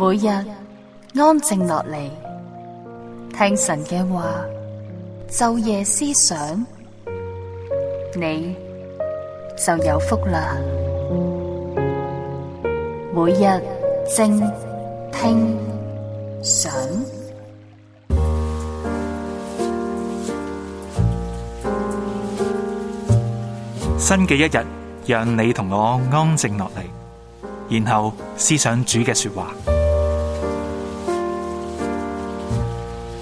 每日安靜落嚟，聽神嘅話，晝夜思想，你就有福啦。每日靜聽想，新嘅一日，讓你同我安靜落嚟，然後思想主嘅說話。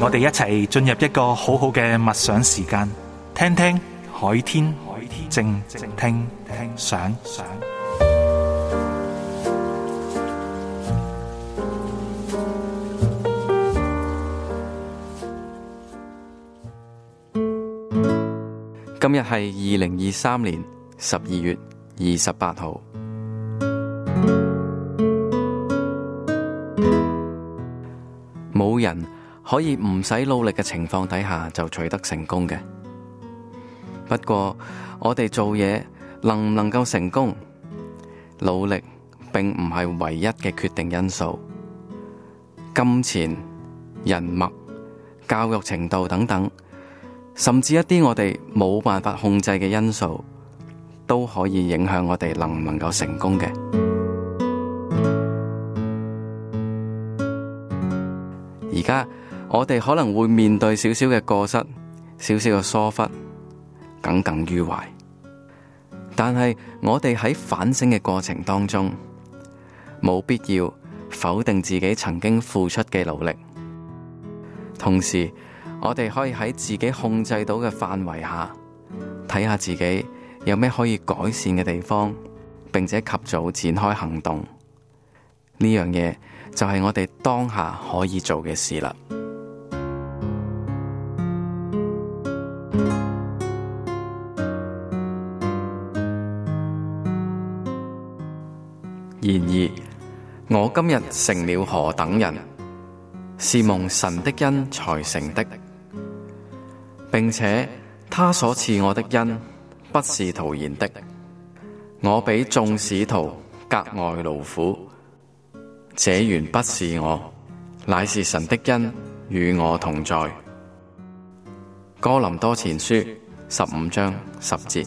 我哋一齊進入一個好好嘅默想時間，聽聽海天靜聽想。今日係二零二三年十二月二十八號，冇人。可以唔使努力嘅情況底下就取得成功嘅。不過，我哋做嘢能唔能夠成功？努力並唔係唯一嘅決定因素。金錢、人脈、教育程度等等，甚至一啲我哋冇辦法控制嘅因素，都可以影響我哋能唔能夠成功嘅。而家。我哋可能會面對少少嘅過失，少少嘅疏忽，耿耿於懷。但係我哋喺反省嘅過程當中，冇必要否定自己曾經付出嘅努力。同時，我哋可以喺自己控制到嘅範圍下，睇下自己有咩可以改善嘅地方，並且及早展開行動。呢樣嘢就係我哋當下可以做嘅事啦。然而，我今日成了何等人，是蒙神的恩才成的，並且他所賜我的恩不是徒然的。我比眾使徒格外勞苦，這原不是我，乃是神的恩，與我同在。哥林多前書十五章十節。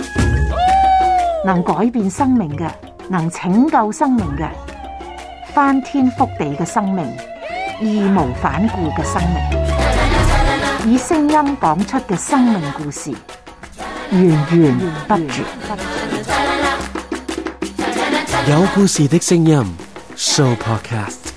能改變生命嘅，能拯救生命嘅，翻天覆地嘅生命，義無反顧嘅生命，以聲音講出嘅生命故事，源源不絕。有故事的聲音，Sooo Podcast。